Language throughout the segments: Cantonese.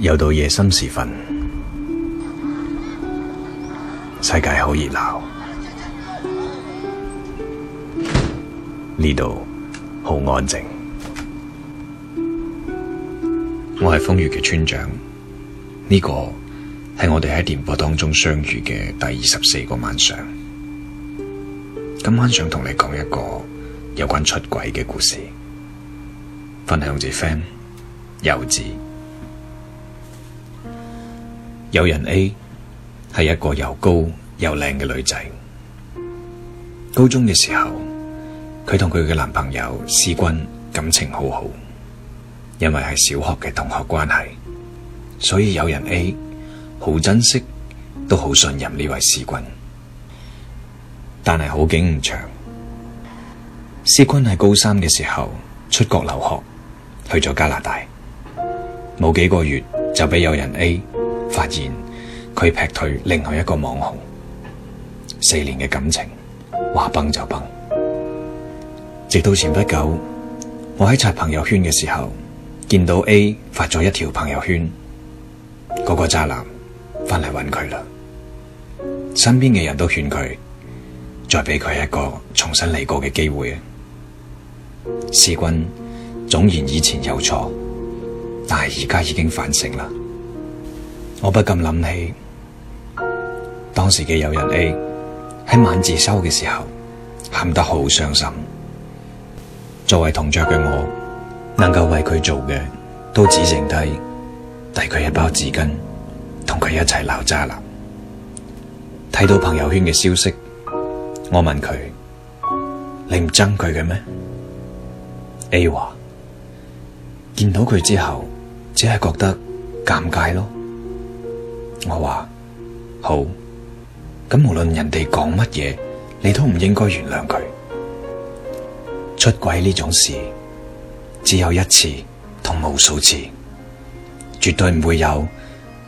又到夜深時分，世界好熱鬧，呢度好安靜。 我係瘋粵嘅村長，呢、呢個係我哋喺電波當中相遇嘅第二十四個晚上。今晚想同你講一個有關出軌嘅故事，分享自 FAN，柚子。友人 A 係一個又高又靚嘅女仔，高中嘅時候佢同佢嘅男朋友 C 君感情好好，因為係小學嘅同學關係，所以友人 A 好珍惜都好信任呢位 C 君，但係好景唔長，C 君喺高三嘅時候出國留學去咗加拿大，冇幾個月就俾友人 A。發現佢劈腿另外一個網紅，四年嘅感情話崩就崩。直到前不久，我喺刷朋友圈嘅時候，見到 A 發咗一條朋友圈：，嗰、那個渣男翻嚟搵佢啦。身邊嘅人都勸佢，再俾佢一個重新嚟過嘅機會啊！C 君縱然以前有錯，但係而家已經反省啦。我不禁諗起當時嘅友人 A 喺晚自修嘅時候，喊得好傷心。作為同桌嘅我，能夠為佢做嘅都只剩低遞佢一包紙巾，同佢一齊鬧渣男。睇到朋友圈嘅消息，我問佢：你唔憎佢嘅咩？A 話見到佢之後，只係覺得尷尬咯。我話好，咁無論人哋講乜嘢，你都唔應該原諒佢。出軌呢種事只有一次同無數次，絕對唔會有，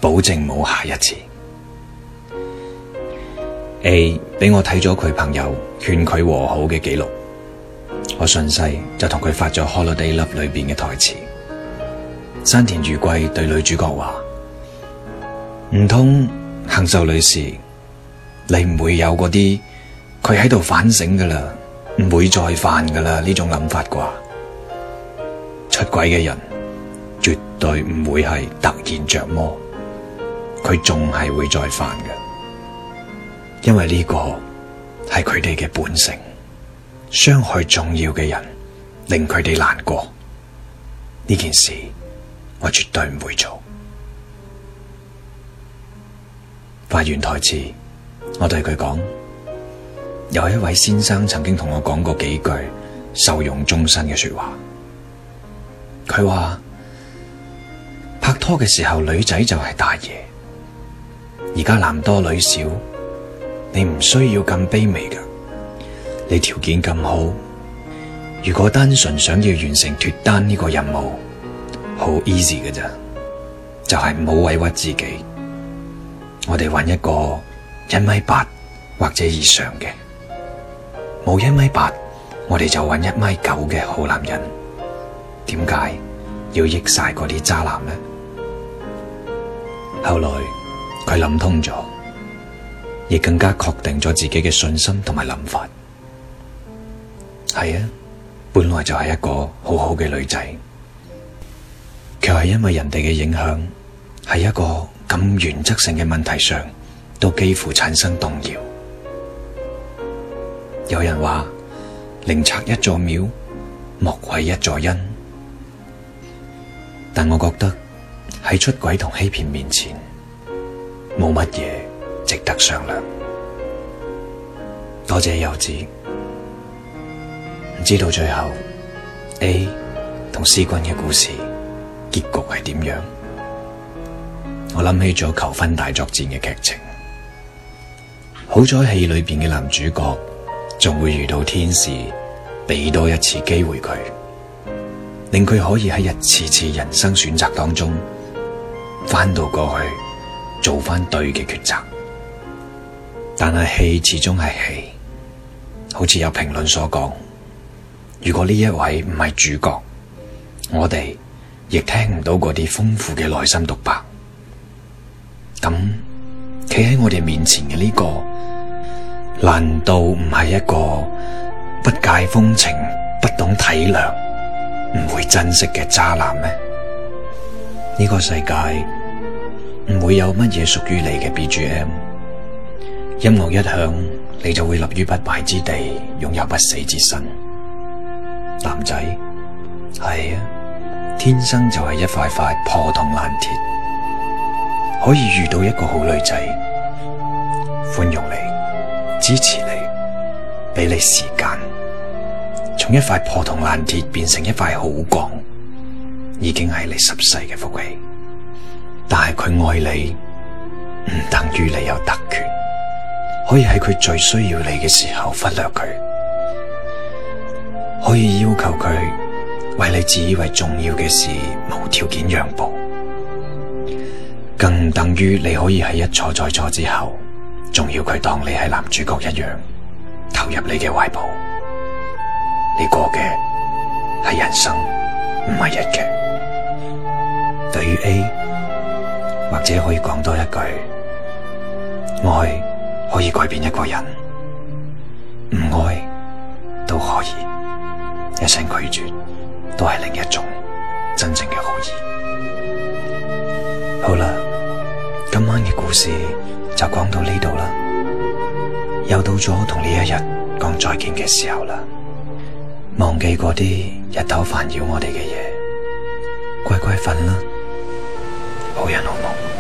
保證冇下一次。A 俾我睇咗佢朋友勸佢和好嘅記錄，我順勢就同佢發咗《holiday love》裏邊嘅台詞。山田裕貴對女主角話。唔通杏壽女士，你唔會有嗰啲佢喺度反省噶啦，唔會再犯噶啦，呢種諗法啩？出軌嘅人絕對唔會係突然着魔，佢仲係會再犯嘅，因為呢個係佢哋嘅本性，傷害重要嘅人，令佢哋難過。呢件事我絕對唔會做。發完台詞，我對佢講：有一位先生曾經同我講過幾句受用終身嘅說話。佢話拍拖嘅時候女仔就係大爺，而家男多女少，你唔需要咁卑微噶。你條件咁好，如果單純想要完成脫單呢個任務，好 easy 嘅咋，就係唔好委屈自己。我哋揾一個一米八或者以上嘅，冇一米八，我哋就揾一米九嘅好男人。點解要益晒嗰啲渣男呢？後來佢諗通咗，亦更加確定咗自己嘅信心同埋諗法。係啊，本來就係一個好好嘅女仔，卻係因為人哋嘅影響，係一個，咁原則性嘅問題上，都幾乎產生動搖。有人話，寧拆一座廟，莫毀一座恩。但我覺得喺出軌同欺騙面前，冇乜嘢值得商量。多謝柚子，唔知道最後 A 同 C 君嘅故事結局係點樣？我諗起咗求婚大作戰嘅劇情，好彩戲裏邊嘅男主角仲會遇到天使，俾多一次機會佢，令佢可以喺一次次人生選擇當中翻到過去，做翻對嘅抉擇。但係戲始終係戲，好似有評論所講，如果呢一位唔係主角，我哋亦聽唔到嗰啲豐富嘅內心獨白。咁企喺我哋面前嘅呢個，難道唔係一個不解風情、不懂體諒、唔會珍惜嘅渣男咩？呢個世界唔會有乜嘢屬於你嘅 BGM。音樂一響，你就會立於不敗之地，擁有不死之身。男仔係啊，天生就係一塊塊破銅爛鐵。可以遇到一個好女仔，寬容你，支持你，俾你時間，從一塊破銅爛鐵變成一塊好鋼，已經係你十世嘅福氣。但係佢愛你，唔等於你有特權，可以喺佢最需要你嘅時候忽略佢，可以要求佢為你自以為重要嘅事無條件讓步。更唔等於你可以喺一錯再錯之後，仲要佢當你係男主角一樣投入你嘅懷抱。你過嘅係人生，唔係日劇。對於 A，或者可以講多一句：愛可以改變一個人，唔愛都可以。一聲拒絕都係另一種真正嘅好意。好啦。今晚嘅故事就講到呢度啦，又到咗同呢一日講再見嘅時候啦，忘記嗰啲日頭煩擾我哋嘅嘢，乖乖瞓啦，好人好夢。